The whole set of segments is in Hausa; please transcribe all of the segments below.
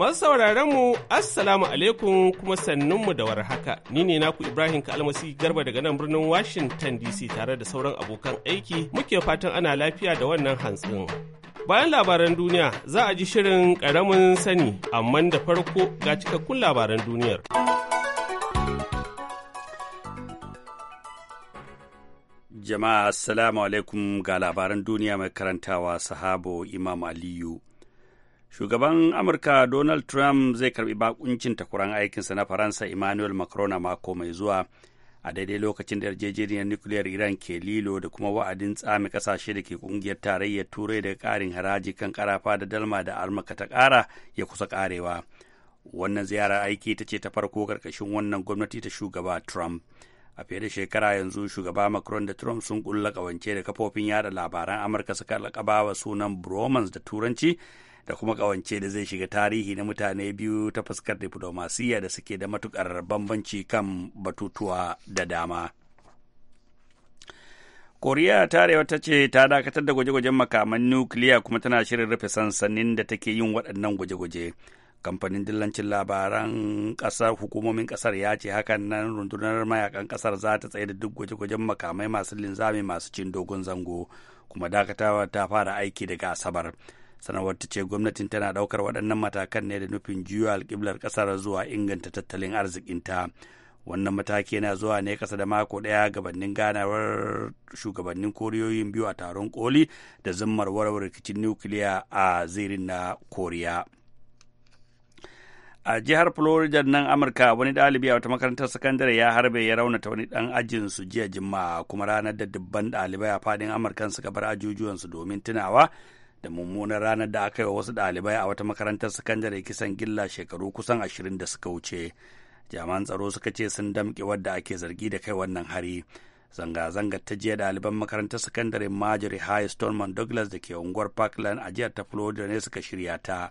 Masu sauraron mu Assalamu alaikum kuma sannunmu da warhaka. Ni ne naku Ibrahim Kalmasi Garba daga nan birnin Washington DC tare da sauran abokan aiki muke fatan ana lafiya da wannan hantsin. Bayan labaran duniya za a ji shirin ƙaramin sani amma da farko ga cikakkun labaran duniyar. Jama'a Assalamu alaikum ga labaran duniya mai karantawa sahabo Imam Aliyu. Shugaban Amurka Donald Trump zai karbi bakuncin takuran aikinsa na Faransa Emmanuel Macron a mako mai zuwa a daidai lokacin da yarjejeniyar nukiliyar Iran ke lilo da kuma wa'adin tsami kasashe da ke kungiyar tarayyar Turai daga karin haraji kan karafa da dalma da almaka ta kara ya kusa karewa. Wannan ziyarar aiki ta ce ta farko karkashin wannan gwamnati ta shugaba Trump. a fiye da shekara yanzu shugaba macron da trump sun kulla kawance da kafofin yada labaran amurka suka lakaba wa sunan bromans da turanci da kuma kawance da zai shiga tarihi na mutane biyu ta fuskar diflomasiyya da suke da matukar bambanci kan batutuwa da dama. koriya ta arewa ta ce ta dakatar da gwaje-gwajen makaman nukiliya kuma tana shirin rufe sansanin da take yin waɗannan gwaje-gwaje kamfanin dillancin labaran ƙasar hukumomin ƙasar ya ce hakan nan rundunar mayakan ƙasar za ta tsaye da duk gwaje-gwajen makamai masu linzami masu cin dogon zango kuma dakatawa ta fara aiki daga asabar. sanarwar ta ce gwamnatin tana daukar waɗannan matakan ne da nufin juya alƙiblar ƙasar zuwa inganta tattalin arzikinta wannan mataki yana zuwa ne kasa da mako ɗaya gabanin ganawar shugabannin koriyoyin biyu a taron koli da zimmar warware rikicin nukiliya a zirin na koriya a jihar florida nan amurka wani ɗalibi a wata makarantar sakandare ya harbe ya raunata wani ɗan ajin su jiya jimma kuma ranar da dubban ɗalibai a faɗin amurka suka bar ajujuwansu domin tunawa da mummunar ranar da aka yi wa wasu ɗalibai a wata makarantar sakandare kisan gilla shekaru kusan ashirin da suka wuce jami'an tsaro suka ce sun damƙe wadda ake zargi da kai wannan hari zanga zanga ta jiya ɗaliban makarantar sakandare marjorie high stoneman douglas da ke unguwar parkland a jihar ta florida ne suka shirya ta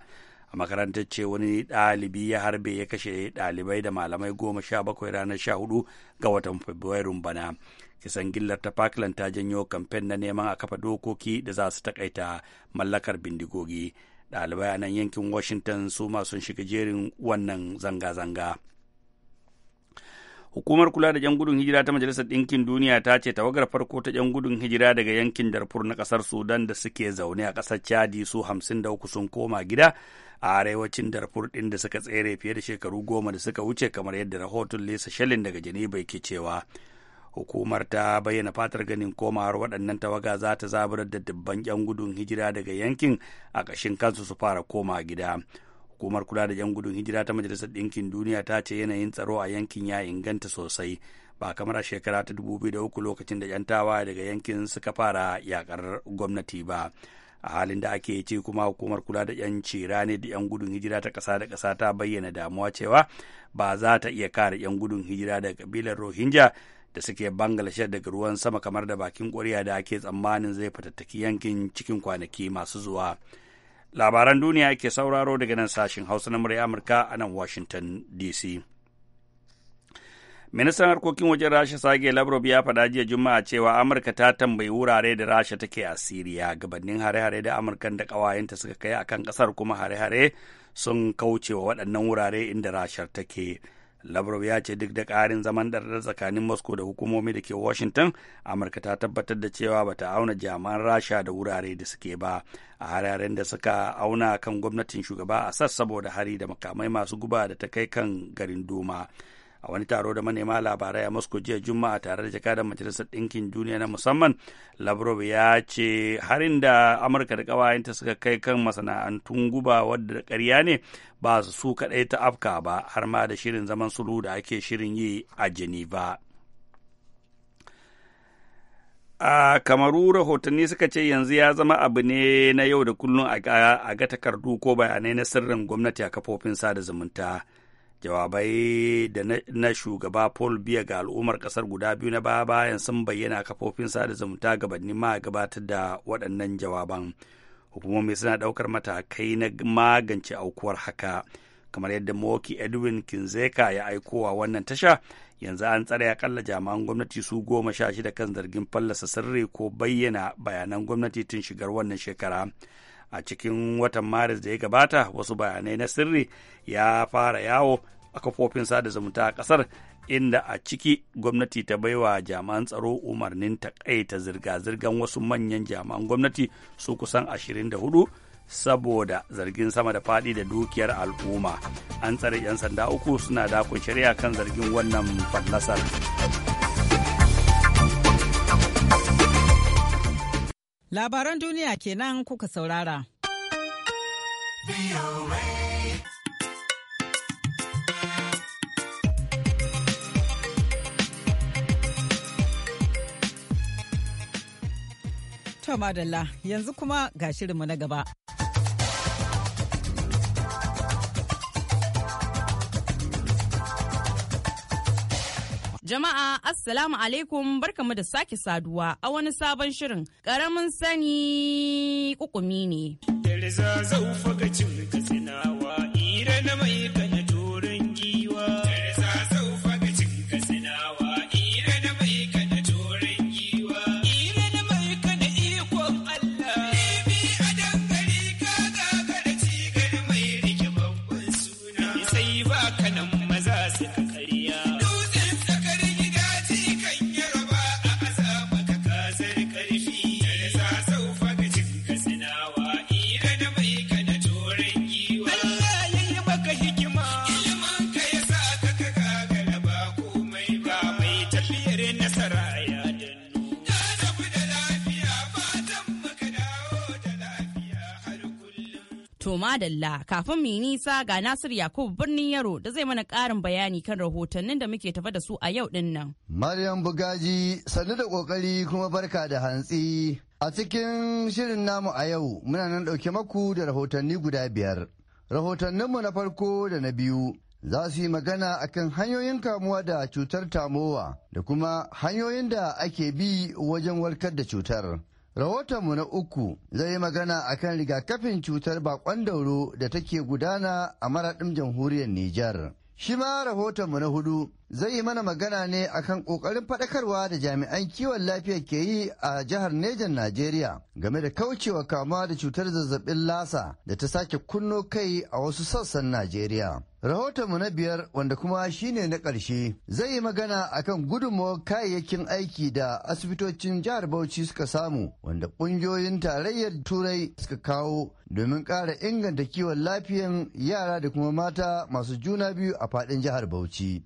a makarantar ce wani ɗalibi ya harbe ya kashe ɗalibai da malamai goma sha bakwai ranar sha hudu ga watan fabrairun bana kisan gillar ta parkland ta janyo kamfen na neman a kafa dokoki da za su takaita mallakar bindigogi ɗalibai a nan yankin washington su masu shiga jerin wannan zanga-zanga hukumar kula da 'yan gudun hijira ta majalisar ɗinkin duniya ta ce tawagar farko ta 'yan gudun hijira daga yankin darfur na ƙasar sudan da suke zaune a ƙasar chadi su hamsin da uku sun koma gida a arewacin darfur din da suka tsere fiye da shekaru goma da suka wuce kamar yadda rahoton lisa shalin daga geneva ke cewa hukumar ta bayyana fatar ganin komawar waɗannan tawaga za ta zaburar da dubban 'yan gudun hijira daga yankin a ƙashin kansu su fara koma gida hukumar kula da 'yan gudun hijira ta majalisar ɗinkin duniya ta ce yanayin tsaro a yankin ya inganta sosai ba kamar a shekara ta 2003 lokacin da 'yan tawaye daga yankin suka fara yakar gwamnati ba a halin da ake ce kuma hukumar kula da 'yan ne da 'yan gudun hijira ta ƙasa da ƙasa ta bayyana damuwa cewa ba za ta iya kare 'yan gudun hijira da kabilar rohingya da suke bangladesh daga ruwan sama kamar da bakin ƙwariya da ake tsammanin zai fatattaki yankin cikin kwanaki masu zuwa labaran duniya ke sauraro daga nan sashen hausa na murya amurka a nan washington dc Ministan harkokin wajen Rasha Sage Lavrov ya faɗa jiya Juma'a cewa Amurka ta tambayi wurare da Rasha take a Siriya gabanin hare-hare da amurka da ƙawayenta suka kai a kan ƙasar kuma hare-hare sun kauce wa waɗannan wurare inda Rasha take. Lavrov ya ce duk da ƙarin zaman ɗarɗar tsakanin Moscow da hukumomi da ke Washington, Amurka ta tabbatar da cewa bata auna jami'an Rasha da wurare da suke ba a hare hararen da suka auna kan gwamnatin shugaba a saboda hari da makamai masu guba da ta kai kan garin Duma. a wani taro da manema labarai a moscow jiya juma'a tare da jakadan majalisar ɗinkin duniya na musamman lavrov ya ce harin da amurka da ƙawayenta suka kai kan masana'antun guba wadda ƙarya ne ba su kaɗai ta afka ba har ma da shirin zaman sulhu da ake shirin yi a geneva a kamaru rahotanni suka ce yanzu ya zama abu ne na yau da kullum a ga takardu ko bayanai na sirrin gwamnati a kafofin sada zumunta jawabai da na shugaba paul biya ga al'ummar kasar guda biyu na baya bayan sun bayyana kafofin sada zumunta gabanin ma gabatar da waɗannan jawaban hukumomi suna ɗaukar matakai na magance aukuwar haka kamar yadda moki edwin kinzeka ya aiko aikowa wannan tasha yanzu an tsare akalla jami'an gwamnati su goma sha shida kan zargin fallasa sirri ko bayyana bayanan gwamnati tun shigar wannan shekara a cikin watan maris da ya gabata wasu bayanai na sirri ya fara yawo a kafofin sada zumunta a kasar inda a ciki gwamnati ta baiwa jami'an tsaro umarnin taƙaita zirga-zirgan wasu manyan jami'an gwamnati su kusan 24 saboda zargin sama da faɗi da dukiyar al'umma an tsare 'yan sanda uku suna dakon shari'a kan zargin wannan fallasar. Labaran duniya kenan kuka saurara. To madalla yanzu kuma ga shirinmu na gaba. Jama'a Assalamu alaikum barkamu da sake saduwa a wani sabon shirin ƙaramin sani kukumi ne. madalla kafin mu nisa ga Nasir Yakubu birnin Yaro da zai mana karin bayani kan rahotannin da muke tafa da su a yau din nan. Maryam Bugaji sannu da kokari kuma barka da hantsi. A cikin shirin namu a yau muna nan ɗauke maku da rahotanni guda biyar. mu na farko da na biyu za su yi magana akan hanyoyin kamuwa da cutar tamowa da kuma hanyoyin da ake bi wajen warkar da cutar. Rahotonmu na uku zai yi magana a kan rigakafin cutar bakon dauro da take gudana a maraɗin jamhuriyar Nijar. Shi ma rahotonmu na hudu zai yi mana magana ne akan kokarin faɗakarwa da jami'an kiwon lafiya ke yi a jihar Nejan Najeriya game da kaucewa kamuwa da cutar zazzabin lasa da ta sake kunno kai a wasu sassan Najeriya. Rahotonmu na biyar wanda kuma shine na ƙarshe zai yi magana akan gudunmawar kayayyakin aiki da asibitocin jihar Bauchi suka samu wanda ƙungiyoyin tarayyar Turai suka kawo domin ƙara inganta kiwon lafiyan yara da kuma mata masu juna biyu a faɗin jihar Bauchi.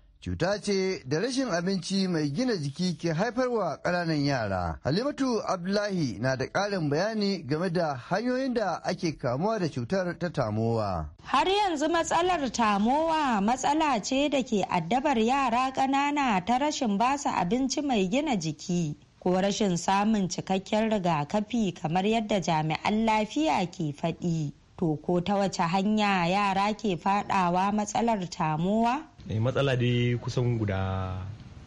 cuta ce da rashin abinci mai gina jiki ke haifarwa ƙananan yara. Halimatu Abdullahi na da ƙarin bayani game da hanyoyin da ake kamuwa da cutar ta tamowa. Har yanzu matsalar tamowa matsala ce da ke addabar yara ƙanana ta rashin basa abinci mai gina jiki. ko rashin samun cikakken rigakafi kamar yadda jami'an lafiya ke faɗi. To ko ta wace hanya yara ke faɗawa matsalar tamowa? Eh, matsala dai kusan guda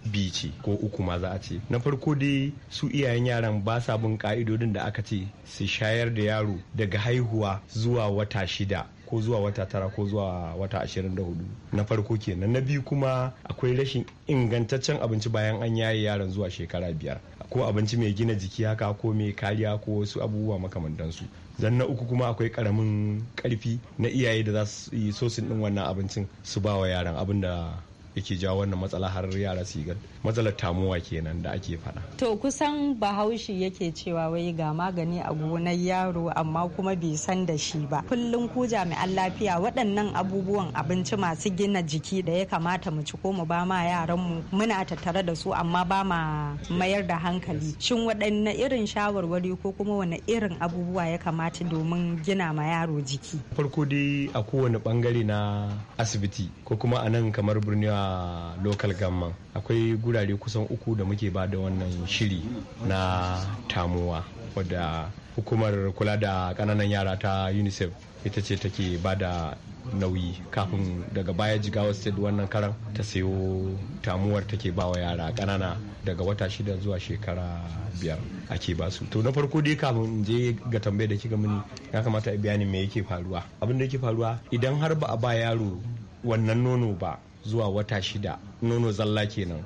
biyu ce ko uku ma za a ce na farko dai su iyayen yaran ba sa bin ka'idodin da aka ce su shayar da yaro daga haihuwa zuwa wata shida ko zuwa wata tara ko zuwa wata ashirin da hudu na farko kenan na biyu kuma akwai rashin ingantaccen abinci bayan an yaye yaron zuwa shekara biyar ko abinci mai gina jiki haka ko mai kariya ko wasu abubuwa makamantansu zan na uku kuma akwai karamin karfi na iyaye da za su yi sosin din wannan abincin su ba wa yaran abin da yake jawo wannan matsala har yara su yi matsalar tamuwa kenan da ake faɗa. to kusan bahaushe yake cewa wai ga magani a gonar yaro amma kuma bai san da shi ba kullum ku jami'an lafiya waɗannan abubuwan abinci masu gina jiki da ya kamata mu ci ko mu ba ma yaranmu muna tattare da su amma ba ma mayar da hankali shin waɗanne irin shawarwari ko kuma wani irin abubuwa ya kamata domin gina ma yaro jiki farko dai a kowane bangare na asibiti ko kuma a nan kamar birniwa a local gamman akwai gurare kusan uku da muke ba da wannan shiri na tamuwa wadda hukumar kula da kananan yara ta unicef ita ce take ba da nauyi kafin daga baya jigawa state wannan karan ta sayo tamuwar take ba wa yara kanana daga wata shida zuwa shekara biyar ake ba su to na farko dai kafin je ga tambayar da kika mini ya kamata a bayanin me yake faruwa abin da yake faruwa idan har ba a ba yaro wannan nono ba zuwa wata shida nono zalla kenan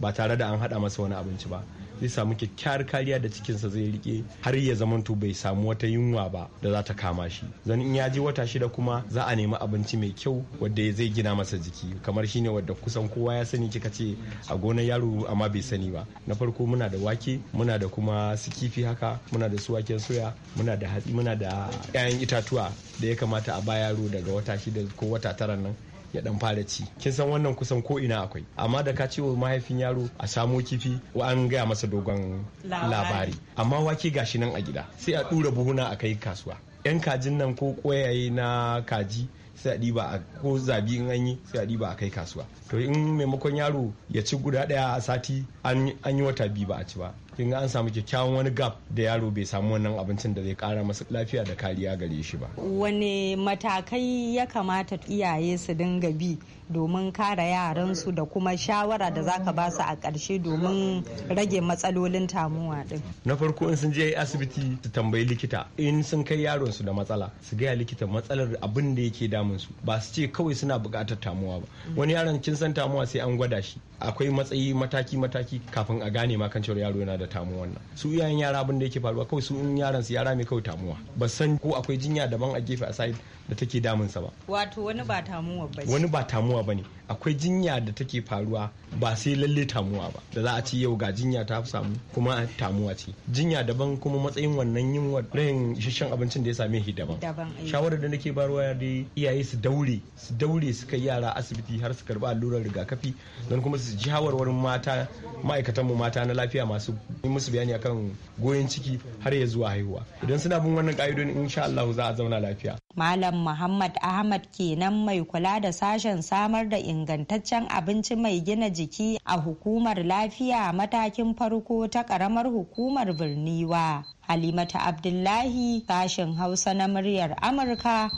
ba tare da an haɗa masa wani abinci ba zai samu kyakkyawar kariya da cikinsa zai rike har ya zamanto bai samu wata yunwa ba da za ta kama shi zan in ya je wata shida kuma za a nemi abinci mai kyau wadda zai gina masa jiki kamar shine wadda kusan kowa ya sani kika ce a gonar yaro amma bai sani ba na farko muna da wake muna da kuma su kifi haka muna da su waken soya muna da hatsi muna da 'ya'yan itatuwa da ya kamata a ba yaro daga wata shida ko wata tara nan ya dan fara ci kin san wannan kusan ko ina akwai amma da ka ce wa mahaifin yaro a samo kifi an gaya masa dogon labari amma wake gashi nan a gida sai a dura buhuna a kai kasuwa yan kajin nan ko koyaye na kaji sai a diba a ko zabi in an yi sai a diba a kai kasuwa to in maimakon yaro ya ci guda ɗaya a sati an yi wata biyu ba a ci ba kin ga an samu kyakkyawan wani gap da yaro bai samu wannan abincin da zai kara masa lafiya da kariya gare shi ba wani matakai ya kamata iyaye su dinga bi domin yaran su da kuma shawara da zaka ba su a karshe domin rage matsalolin tamuwa din na farko in sun je asibiti su tambayi likita in sun kai yaron su da matsala su gaya likita matsalar abin da yake damun su ba su ce kawai suna buƙatar tamuwa ba wani yaron kin san tamuwa sai an gwada shi akwai matsayi mataki mataki kafin a gane ma kan cewa yaro yana da da tamuwan nan su iyayen yara abin da yake faruwa kawai su in yaran su yara mai kawai tamuwa ba san ko akwai jinya daban a gefe a sai da take damunsa ba wato wani ba tamuwa ba wani ba tamuwa bane akwai jinya da take faruwa ba sai lalle tamuwa ba da za a ci yau ga jinya ta samu kuma tamuwa ce jinya daban kuma matsayin wannan yin wannan isasshen abincin da ya same shi daban eh. shawarar da nake barwa dai iyaye su daure su daure su kai yara asibiti har su karba allurar rigakafi don kuma su ji hawarwarin mata ma'aikatanmu mata na lafiya masu yi musu bayani akan goyon ciki har ya zuwa haihuwa idan suna bin wannan ka'idodin insha Allah za a zauna lafiya Malam Muhammad Ahmad kenan mai kula da sashen samar da ingantaccen abinci mai gina jiki a hukumar lafiya matakin farko ta ƙaramar hukumar birniwa. Halimata Abdullahi sashen Hausa na muryar Amurka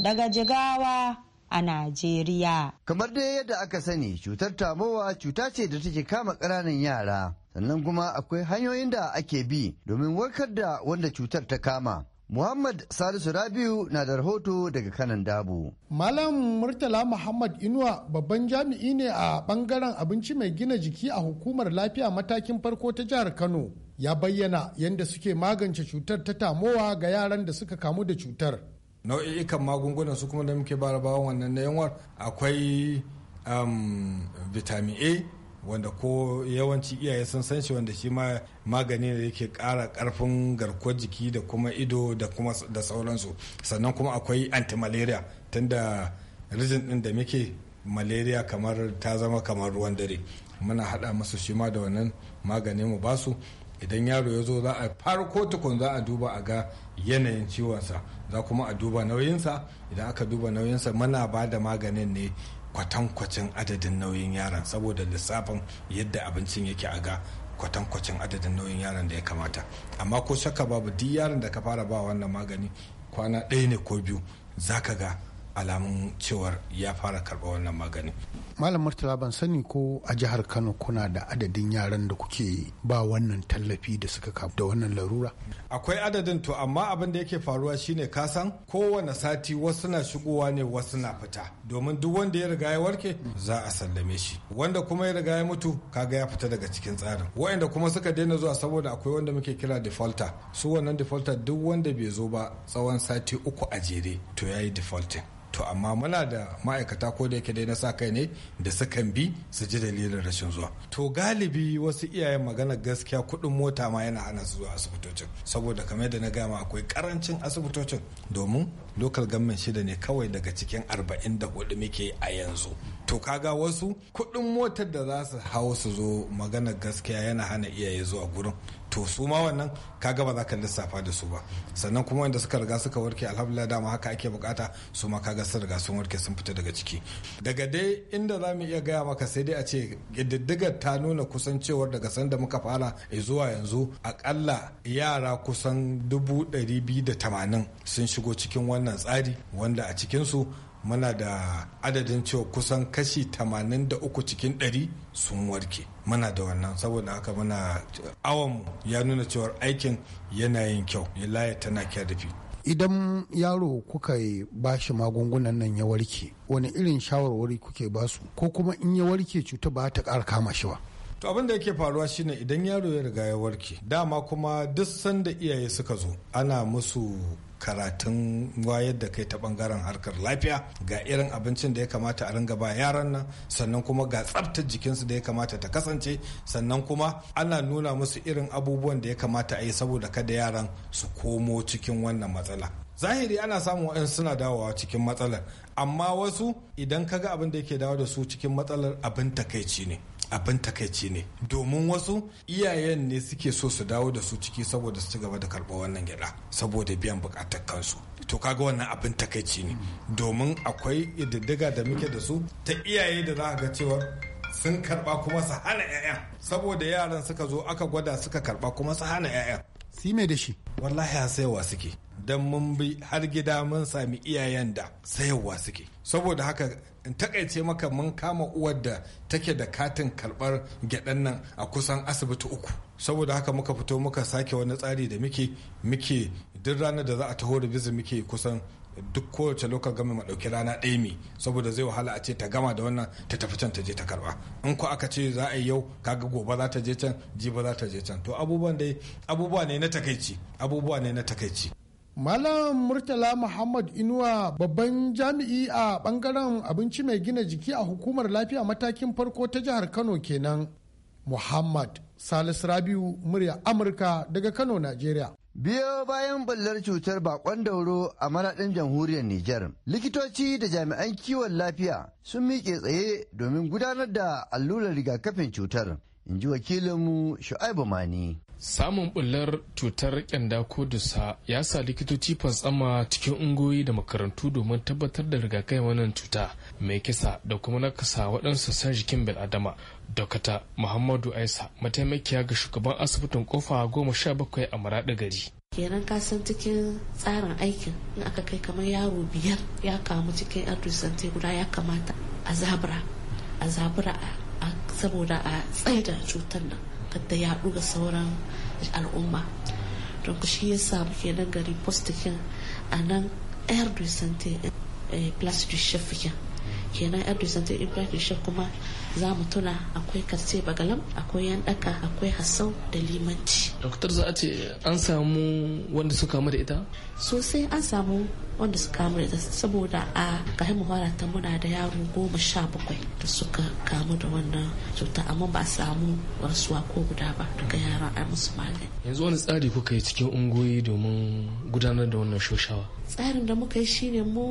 daga Jigawa a Najeriya. Kamar dai yadda aka sani cutar tamowa cuta ce da take kama ƙananan yara. Sannan kuma akwai hanyoyin da ake bi domin warkar da wanda cutar ta kama. Muhammad Salisu Rabiu na da rahoto daga kanan dabu. Malam Murtala Muhammad Inuwa babban jami'i ne a bangaren abinci mai gina jiki a hukumar lafiya matakin farko ta jihar Kano. Ya bayyana yadda suke magance cutar ta tamowa ga yaran da suka kamu da cutar. Nau'ikan magungunan su kuma da muke barabawan wannan na yanwar akwai um, vitamin A wanda ko yawanci iyaye sun san shi wanda shi ma magani da yake ƙara ƙarfin garkuwar jiki da kuma ido da kuma da sauransu sannan kuma akwai anti-malaria tunda rijin ɗin da muke malaria kamar ta zama kamar ruwan dare muna haɗa masu shi ma da wannan magani mu basu idan yaro ya zo za a ko tukun za a duba a ga yanayin ciwonsa za kuma a duba nauyinsa idan aka duba nauyinsa mana ba da maganin ne kwatankwacin adadin nauyin yaron saboda lissafin yadda abincin yake a ga kwatankwacin adadin nauyin yaron da ya kamata amma ko shakka babu duk yaron da ka fara ba wannan magani kwana ɗaya ne ko biyu za ka ga alamun cewar ya fara karɓar wannan magani. Malam Murtala ban sani ko a jihar Kano kuna da adadin yaran da kuke ba wannan tallafi da suka kafa da wannan larura? Akwai adadin to amma abin da yake faruwa shine kasan kowane sati wasu na shigowa ne wasu na fita domin duk wanda ya riga ya warke za a sallame shi wanda kuma ya riga ya mutu kaga ya fita daga cikin tsarin wayanda kuma suka daina zuwa saboda akwai wanda muke kira defaulter su wannan defaulter duk wanda bai zo ba tsawon sati uku a jere to yayi yi defaulting to amma muna da ma'aikata ko da yake dai na sa kai ne da sukan bi su ji dalilin rashin zuwa to galibi wasu iyayen magana gaskiya kuɗin mota ma yana hana su zuwa asibitocin saboda kamar da na gama akwai karancin asibitocin domin local government shida ne kawai daga cikin arba'in da hudu muke a yanzu to kaga wasu kuɗin motar da za su hau su zo magana gaskiya yana hana iyaye zuwa gurin to su ma wannan kaga ba za ka lissafa da su ba sannan kuma wanda suka riga suka warke alhamdulillah dama haka ake bukata su ma kaga sun riga sun warke sun fita daga ciki daga dai inda za mu iya gaya maka sai dai a ce ƙididdigar ta nuna kusan cewar daga sanda muka fara zuwa yanzu akalla yara kusan dubu ɗari biyu da tamanin sun shigo cikin wannan tsari wanda a cikinsu muna da adadin cewa kusan kashi 83 cikin 100 sun warke muna da wannan saboda haka muna awon ya nuna cewar aikin yanayin yin kyau laya tana kya da fi. idan yaro kuka ba shi magungunan nan ya warke wani irin shawarwari kuke ba su ko kuma in ya warke cuta ba ta ƙara kama shi ba to abin da yake faruwa shine idan yaro ya riga ya warke dama kuma duk sanda iyaye suka zo ana musu karatun wayar da kai ta bangaren harkar lafiya ga irin abincin da ya kamata a ringa ba yaran nan sannan kuma ga tsabtar jikinsu da ya kamata ta kasance sannan kuma ana nuna musu irin abubuwan da ya kamata a yi saboda kada yaran su komo cikin wannan matsala zahiri ana samun waɗansu suna dawowa cikin matsalar amma wasu idan kaga abin da yake dawo da su cikin matsalar abin takaici ne abin takaici ne domin wasu iyayen ne suke so su dawo da su ciki saboda su ci gaba da karɓar wannan gyaɗa saboda biyan bukatar kansu to kaga wannan abin takaici ne domin akwai ididdiga da muke da su ta iyaye da za ga cewa sun karɓa kuma su hana 'ya'ya saboda yaran suka zo aka gwada suka karɓa kuma su hana 'ya'ya si mai da shi wallahi sayawa suke don mun bi har gida mun sami iyayen da sayarwa suke saboda haka in takaice maka mun kama uwar da take da katin karbar gyaɗan nan a kusan asibiti uku saboda haka muka fito muka sake wani tsari da muke muke duk ranar da za a taho revizin muke kusan duk kowace lokacin gami ma ɗauki rana ɗaya mi saboda zai wahala a ce ta gama da wannan ta tafi can ta je ta karba in ko aka ce za a yi yau kaga gobe za ta je can jiba za ta je can to abubuwan dai abubuwa ne na takaici abubuwa ne na takaici Malam Murtala Muhammad Inuwa babban jami'i a bangaren abinci mai gina jiki a hukumar lafiya matakin farko ta jihar Kano kenan. Muhammad Salisu Rabiu murya Amurka daga Kano, Najeriya. Biyo bayan ballar cutar bakon dauro a maraɗin jamhuriyar Nijar, likitoci da jami'an kiwon lafiya sun miƙe tsaye domin gudanar da allurar rigakafin cutar, in ji wakilinmu Shu'aibu Mani. samun bullar cutar kyanda ko dusa ya sa likitoci fantsama cikin ungoyi da makarantu domin tabbatar da rigakai wannan cuta mai kisa da kuma na kasa waɗansu san jikin adama dokata muhammadu aisa mataimakiya ga shugaban asibitin kofa goma sha bakwai a maraɗa gari kenan ka san cikin tsarin aikin in aka kai kamar yaro biyar ya kamu cikin adolescent guda ya kamata a zabura a zabura saboda a tsaida cutar nan da ya ga sauran al'umma don shi ya samu nan gari postikin a nan air du sante eh, place du chef kenan air du sante place du chef kuma za mu tuna akwai karce bagalam akwai yan daka akwai hassau da limanci doktor za a ce an samu wanda suka kamu da ita sosai an samu wanda suka kamu da ita saboda a kahin muhara ta muna da yaro goma sha bakwai da suka kamu da wannan cuta amma ba samu rasuwa ko guda ba daga yaran a musu magani yanzu wani tsari kuka yi cikin ungoyi domin gudanar da wannan shoshawa tsarin da muka yi shine mu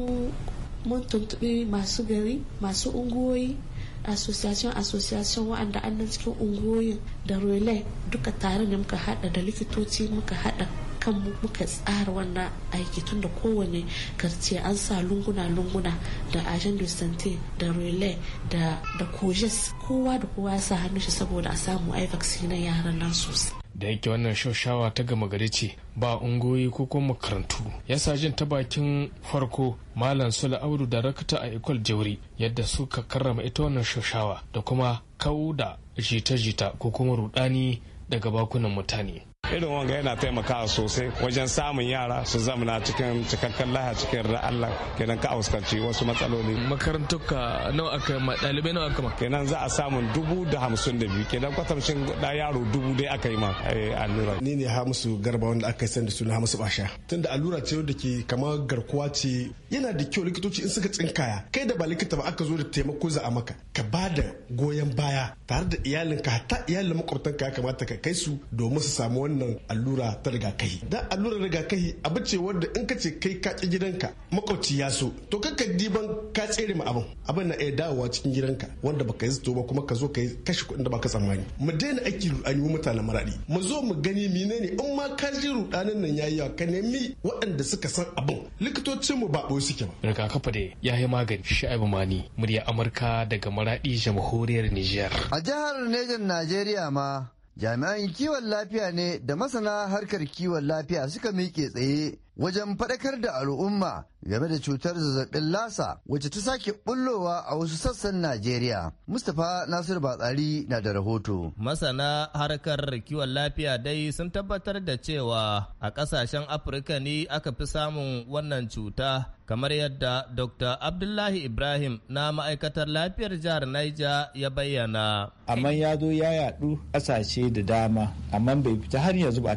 mun tuntubi masu gari masu unguwoyi association association wa'anda nan cikin ungoyin da relay duka tare ne muka hada da likitoci muka hada kanmu muka tsara wannan aiki tun da kowane karce an sa lunguna-lunguna da agent de santé da relay da kojes kowa da kowa ya sa hannu shi saboda a samu ai vaccine yaran nan sosai da yake wannan shaushawa ta gama gari ce ba ungoyi ko kuma makarantu ya jin ta bakin farko malam sula audu da rakata a ikol jauri yadda suka karrama ita wannan shoshawa da kuma kau da jita-jita ko kuma rudani daga bakunan mutane irin wanga yana taimaka sosai wajen samun yara su zamana cikin cikakken laha cikin ra'allah kenan ka auskarci wasu matsaloli makarantuka nawa aka ma dalibai nawa aka ma kenan za a samun dubu da hamsin da biyu kenan kwatamcin da yaro dubu dai aka yi ma eh, allura ni ne hamisu garba wanda aka san da suna hamisu basha tunda allura ce wanda ke kamar garkuwa ce yana da kyau likitoci in suka tsinkaya kai da ba likita ba aka zo da taimako za a maka ka ba da goyon baya tare da iyalinka hatta iyalin makwabtanka ya kamata ka kai su domin su samu wannan wannan allura ta rigakahi dan allurar rigakahi abu ce wanda in ka ce kai ka ci gidanka makwabci ya so to kanka diban ka tsere ma abin abin na iya dawowa cikin gidanka wanda baka yi zato ba kuma ka zo ka yi kashe kuɗin da baka tsammani mu daina aiki rudani mu mutanen maradi mu zo mu gani menene in ma ka ji rudanin nan yayi ka nemi waɗanda suka san abin likitocin mu ba ɓoye suke ba rigakafi da yayi magani sha'ibu mani murya amurka daga maradi jamhuriyar nijer a jihar nejan Najeriya ma jami'an kiwon lafiya ne da masana harkar kiwon lafiya suka miƙe tsaye wajen faɗakar da al'umma game da cutar zazzabin lasa wacce ta sake bullowa a wasu sassan Najeriya. Mustapha Nasiru Batsari na da rahoto. Masana harkar kiwon lafiya dai sun tabbatar da cewa a ƙasashen Afirka ne aka fi samun wannan cuta kamar yadda Dr. Abdullahi Ibrahim na ma'aikatar lafiyar jihar Niger ya bayyana. Amma ya zo ya yadu kasashe da dama, amma bai fita har yanzu ba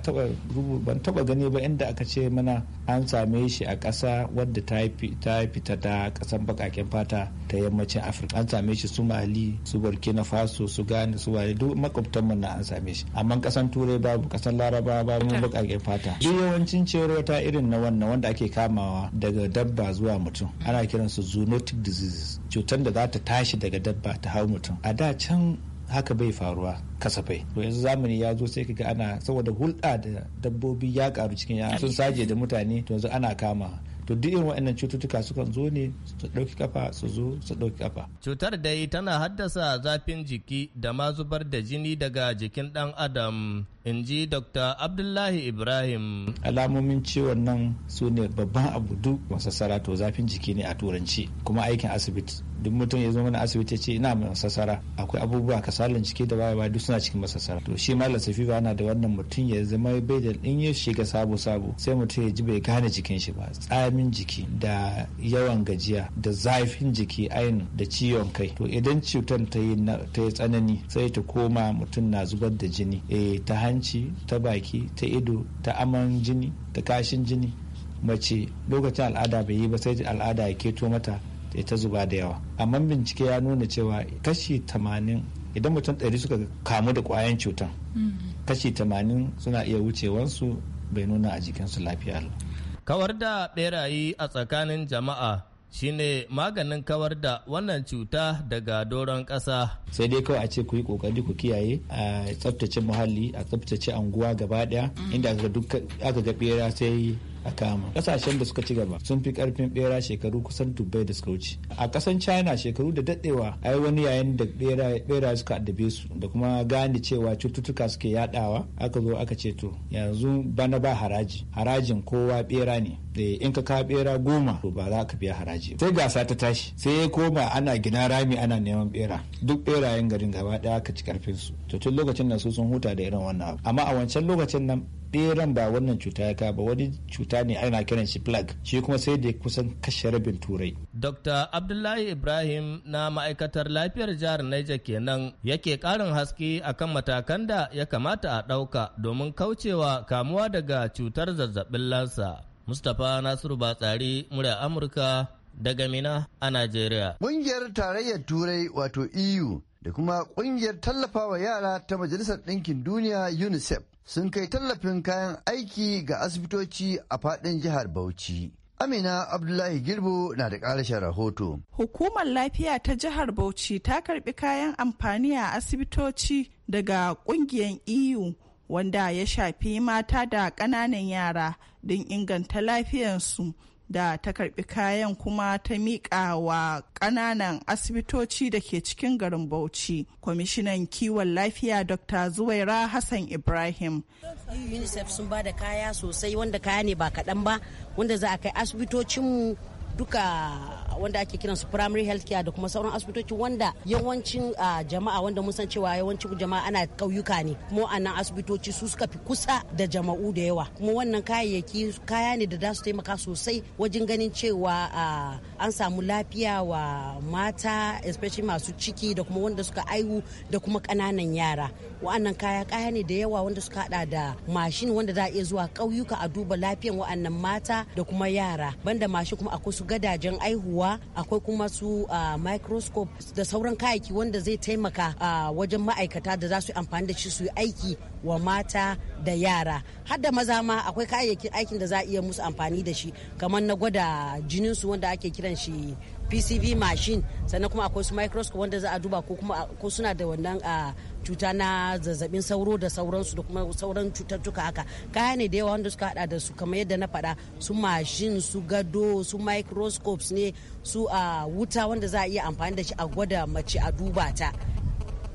ban taɓa gani ba inda aka ce mana an same shi a ƙasa wadda ta fita da ƙasan baƙaƙen fata ta yammacin afirka an same shi su mali su burkina faso su ghana su duk makwabtan mu na an same shi amma ƙasan turai babu ƙasan laraba babu baƙaƙen fata duk yawancin cewar wata irin na wannan wanda ake kamawa daga dabba zuwa mutum ana kiransu zoonotic diseases cutar da za ta tashi daga dabba ta hau mutum a da can haka bai faruwa kasafai to yanzu zamani ya zo sai kaga ana saboda hulɗa da dabbobi ya karu cikin ya sun saje da mutane to yanzu ana kama to duk irin waɗannan cututtuka sukan zo ne su ɗauki kafa su zo su ɗauki kafa. cutar dai tana haddasa zafin jiki da ma zubar da jini daga jikin ɗan adam in ji dr abdullahi ibrahim alamomin ciwon nan su ne babban abu duk masassara to zafin jiki ne a turanci kuma aikin asibiti duk mutum ya zo mana asibiti ce ina masassara akwai abubuwa kasalin ciki da baya duk suna cikin masassara to shi malam ba na da wannan mutum ya zama bai da in ya shiga sabo sabo sai mutum ya ji bai gane jikin shi ba tsamin jiki da yawan gajiya da zafin jiki ainihin da ciwon kai to idan cutar ta yi tsanani sai ta koma mutum na zubar da jini eh ta hanci ta baki ta ido ta aman jini ta kashin jini mace lokacin al'ada bai yi ba sai al'ada ya keto mata da ta zuba da yawa amma bincike ya nuna cewa kashi tamanin idan mutum ɗari suka kamu da kwayan cutan mm-hmm. kashi tamanin suna iya wucewansu bai nuna a jikinsu lafiya kawar da ɓeraye a tsakanin jama'a shine maganin kawar da wannan cuta daga doron ƙasa. sai dai kawai a ce ku yi kokari ku kiyaye a tsaftace muhalli a tsaftace anguwa gaba daya mm. inda aka ga bera sai a kama kasashen da suka ci gaba sun fi karfin bera shekaru kusan dubbai da suka wuce a kasan china shekaru da dadewa ai wani yayin da bera suka addabe su da kuma gane cewa cututtuka suke yadawa aka zo aka ce to yanzu bana ba haraji harajin kowa bera ne in ka kawo bera goma to ba za ka biya haraji sai gasa ta tashi sai ya koma ana gina rami ana neman bera duk berayen garin gaba daya ka ci karfin su to tun lokacin nan su sun huta da irin wannan abu amma a wancan lokacin nan beran ba wannan cuta ya kaba wani cuta ne ana kiran shi plague shi kuma sai da kusan kashe rabin turai dr abdullahi ibrahim na ma'aikatar lafiyar jihar niger kenan yake karin haske akan matakan da ya kamata a ɗauka domin kaucewa kamuwa daga cutar zazzabin lansa Mustapha Nasiru Batsari, murya Amurka daga Mina a Najeriya. Ƙungiyar Tarayyar Turai wato EU da kuma ƙungiyar tallafawa yara ta Majalisar Ɗinkin Duniya UNICEF sun kai tallafin kayan aiki ga asibitoci a faɗin jihar Bauchi. Amina Abdullahi Girbo na da ƙarashin rahoto. Hukumar lafiya ta jihar Bauchi ta karɓi kayan amfani a asibitoci daga ƙungiyar EU wanda ya shafi mata da ƙananan yara. don inganta lafiyansu da ta karbi kayan kuma ta miƙa wa ƙananan asibitoci da ke cikin garin bauchi kwamishinan kiwon lafiya dr zuwaira hassan ibrahim unicef sun ba da kaya sosai wanda kaya ne ba kaɗan ba wanda za a kai asibitocinmu duka wanda ake kiran su primary health care da kuma sauran asibitoci wanda yawancin jama'a wanda mun san cewa yawancin jama'a ana kauyuka ne kuma anan asibitoci su suka fi kusa da jama'u da yawa kuma wannan kayayyaki kaya ne da za su taimaka sosai wajen ganin cewa an samu lafiya wa mata especially masu ciki da kuma wanda suka aihu da kuma ƙananan yara wa'annan kaya kaya ne da yawa wanda suka hada da mashin wanda za a iya zuwa kauyuka a duba lafiyan wa'annan mata da kuma yara banda mashin kuma akwai su gadajen aihuwa akwai kuma su microscope da sauran kayayyaki wanda zai taimaka wajen ma'aikata da za su amfani da shi su aiki wa mata da yara har da maza ma akwai kayayyakin aikin da za a iya musu amfani da shi kamar na gwada jininsu wanda ake kiran shi PCV machine sannan kuma akwai su microscope wanda za a duba ko kuma ko suna da wannan cuta na zazzabin sauro da sauransu da kuma sauran cututtuka haka kaya ne da yawa wanda suka hada da su kamar yadda na faɗa su mashin su gado su microscopes ne su a wuta wanda za a iya amfani da shi a gwada mace a duba ta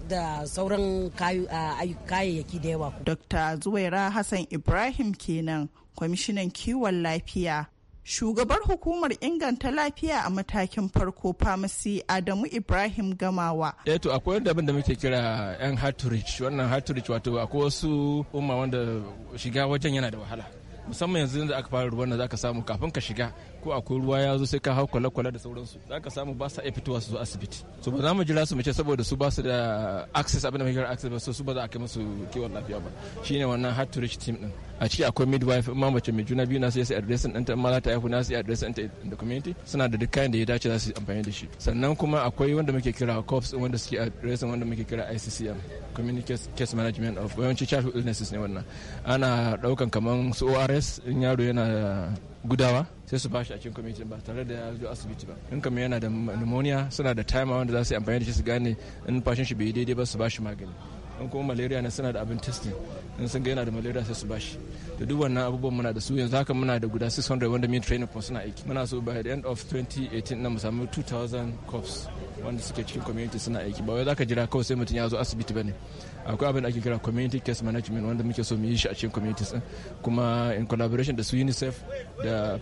da sauran kayayyaki da yawa. Dr. Zuwaira Hassan Ibrahim kenan kwamishinan kiwon lafiya Shugabar hukumar inganta lafiya a matakin farko famasi Adamu Ibrahim Gamawa. Eh akwai wanda abin da muke kira yan hatrich wannan hatrich wato akwai wasu umma wanda shiga wajen yana da wahala. musamman yanzu da aka fara ruwan da za ka samu kafin ka shiga ko akwai ruwa ya zo sai ka hau kwale-kwale da sauransu za ka samu ba sa iya fitowa su zo asibiti so ba za mu jira su mace saboda su ba su da access abin da muke access ba so su ba za a kai musu kiwon lafiya ba shine wannan hard to reach team din a ciki akwai midwife ma mace mai juna biyu na su yasa addressing ɗanta in ma za ta haihu na su yi addressing ɗanta in the community suna da duk kayan da ya dace za su amfani da shi sannan kuma akwai wanda muke kira cops wanda suke addressing wanda muke kira ICCM community case management of yawanci childhood illnesses ne wannan ana daukan kaman su ORS in yaro yana gudawa sai su bashi a cikin community ba tare da ya zo asibiti ba in kamar yana da pneumonia suna da timer wanda za su yi amfani da shi su gane in fashin shi bai daidai ba su bashi magani in kuma malaria na suna da abin testing in sun ga yana da malaria sai su bashi da duk wannan abubuwan muna da su yanzu haka muna da guda 600 wanda min training kuma suna aiki muna so by the end of 2018 na mu samu 2000 cops wanda suke cikin community suna aiki ba wai zaka jira kawai sai mutum ya zo asibiti bane akwai abin da ake kira community case management wanda muke so mu yi shi a cikin communities din kuma in collaboration da su UNICEF da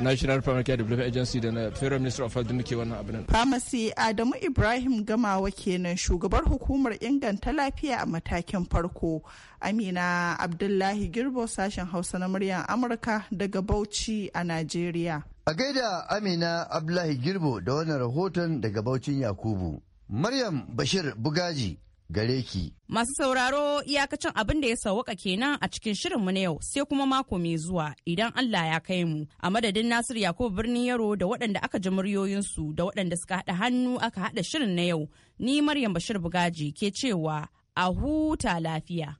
National Primary Care Development Agency da na Federal Minister of Health muke wannan abin. Pharmacy Adamu Ibrahim Gamawa kenan shugabar hukumar inganta lafiya a matakin farko. Amina Abdullahi Girbo sashen Hausa na muryar Amurka daga Bauchi a Najeriya. A gaida Amina Abdullahi Girbo da wannan rahoton daga bauchin Yakubu. Maryam Bashir Bugaji gare ki. Masu sauraro iyakacin abin da ya sauwaka kenan a cikin shirin mu na yau sai kuma mako mai zuwa idan Allah ya kai mu. A madadin Nasir Yakubu birnin Yaro da waɗanda aka ji muryoyinsu da waɗanda suka haɗa hannu aka haɗa shirin na yau. Ni Maryam Bashir Bugaji ke cewa a huta lafiya.